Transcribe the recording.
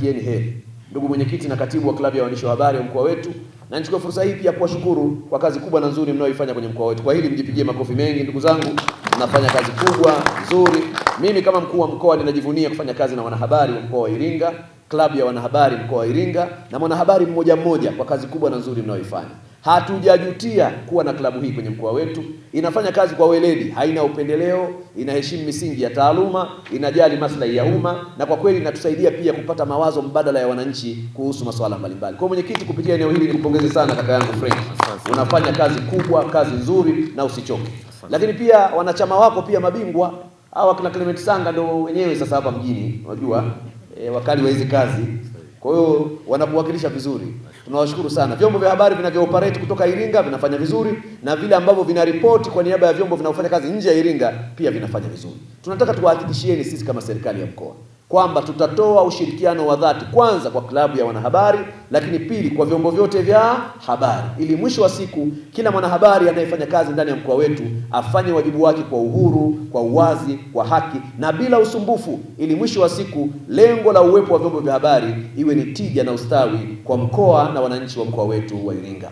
kutakieni heri, ndugu mwenyekiti na katibu wa klabu ya waandishi wa habari wa mkoa wetu, na nichukue fursa hii pia kuwashukuru kwa kazi kubwa na nzuri mnayoifanya kwenye mkoa wetu. Kwa hili mjipigie makofi mengi, ndugu zangu, mnafanya kazi kubwa nzuri. Mimi kama mkuu wa mkoa ninajivunia kufanya kazi na wanahabari wa mkoa wa Iringa, klabu ya wanahabari mkoa wa Iringa na mwanahabari mmoja mmoja, kwa kazi kubwa na nzuri mnayoifanya. Hatujajutia kuwa na klabu hii kwenye mkoa wetu. Inafanya kazi kwa weledi, haina upendeleo, inaheshimu misingi ya taaluma, inajali maslahi ya umma, na kwa kweli inatusaidia pia kupata mawazo mbadala ya wananchi kuhusu masuala mbalimbali. Kwa mwenyekiti, kupitia eneo hili nikupongeze sana kaka yangu Frank, unafanya kazi kubwa, kazi nzuri na usichoke. Lakini pia wanachama wako pia mabingwa hawa kina Clement Sanga ndio wenyewe sasa hapa mjini, unajua e, wakali wa hizi kazi kwa hiyo wanapowakilisha vizuri, tunawashukuru sana. Vyombo vya habari vinavyooperate kutoka Iringa vinafanya vizuri, na vile ambavyo vinaripoti kwa niaba ya vyombo vinavyofanya kazi nje ya Iringa pia vinafanya vizuri. Tunataka tuwahakikishieni sisi kama serikali ya mkoa kwamba tutatoa ushirikiano wa dhati kwanza kwa klabu ya wanahabari, lakini pili kwa vyombo vyote vya habari, ili mwisho wa siku kila mwanahabari anayefanya kazi ndani ya mkoa wetu afanye wajibu wake kwa uhuru, kwa uwazi, kwa haki na bila usumbufu, ili mwisho wa siku lengo la uwepo wa vyombo vya habari iwe ni tija na ustawi kwa mkoa na wananchi wa mkoa wetu wa Iringa.